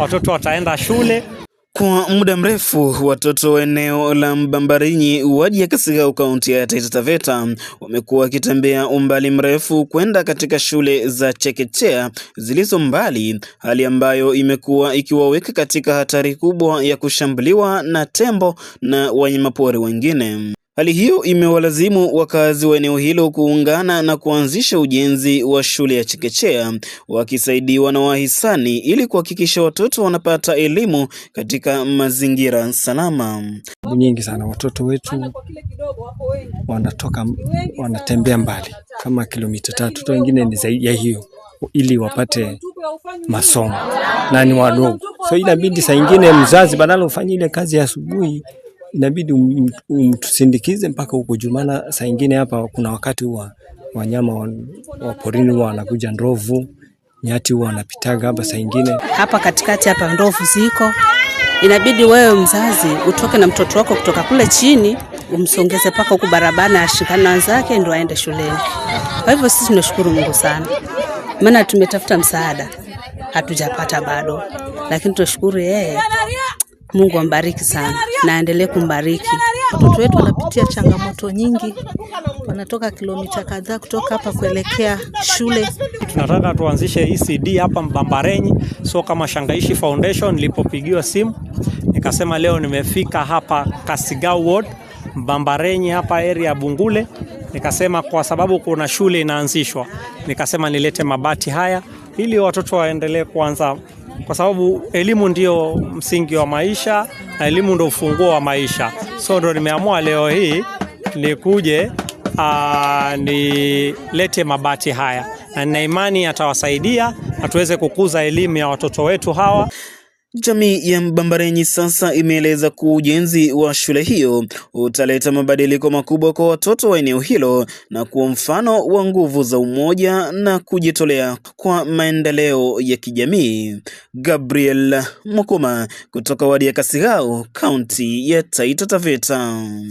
watoto wataenda shule. Kwa muda mrefu watoto wa eneo la Mbambarinyi, wadi ya kasikau kaunti ya Taita Taveta, wamekuwa wakitembea umbali mrefu kwenda katika shule za chekechea zilizo mbali, hali ambayo imekuwa ikiwaweka katika hatari kubwa ya kushambuliwa na tembo na wanyamapori wengine. Hali hiyo imewalazimu wakazi wa eneo hilo kuungana na kuanzisha ujenzi wa shule ya chekechea wakisaidiwa na wahisani ili kuhakikisha watoto wanapata elimu katika mazingira salama. Nyingi sana watoto wetu wanatoka wanatembea mbali kama kilomita tatu, to wengine ni zaidi ya hiyo ili wapate masomo na ni wadogo, so inabidi saa ingine mzazi badala ufanye ile kazi ya asubuhi inabidi um, um, umtusindikize mpaka huko juu, maana saa ingine hapa kuna wakati wa wanyama wa, wa porini huwa wanakuja, ndovu, nyati huwa wanapitaga hapa saa ingine. Hapa katikati hapa ndovu ziko, inabidi wewe mzazi utoke na mtoto wako kutoka kule chini umsongeze mpaka huku barabara, ashikane na wenzake ndio aende shuleni. Kwa hivyo sisi tunashukuru Mungu sana, maana tumetafuta msaada hatujapata bado, lakini tunashukuru yeye Mungu ambariki sana na aendelee kumbariki. Watoto wetu wanapitia changamoto nyingi, wanatoka kilomita kadhaa kutoka hapa kuelekea shule. Tunataka tuanzishe ECD hapa Mbambarenyi, so kama Shangaishi Foundation. Nilipopigiwa simu nikasema leo nimefika hapa Kasigau Ward Mbambarenyi, hapa area ya Bungule. Nikasema kwa sababu kuna shule inaanzishwa, nikasema nilete mabati haya ili watoto waendelee kuanza kwa sababu elimu ndio msingi wa maisha na elimu ndio ufunguo wa maisha. So ndio nimeamua leo hii nikuje nilete mabati haya na nina imani yatawasaidia na tuweze kukuza elimu ya watoto wetu hawa. Jamii ya Mbambarenyi sasa imeeleza kuwa ujenzi wa shule hiyo utaleta mabadiliko makubwa kwa watoto wa eneo hilo na kuwa mfano wa nguvu za umoja na kujitolea kwa maendeleo ya kijamii. Gabriel Mukuma kutoka wadi ya Kasigao, kaunti ya Taita Taveta.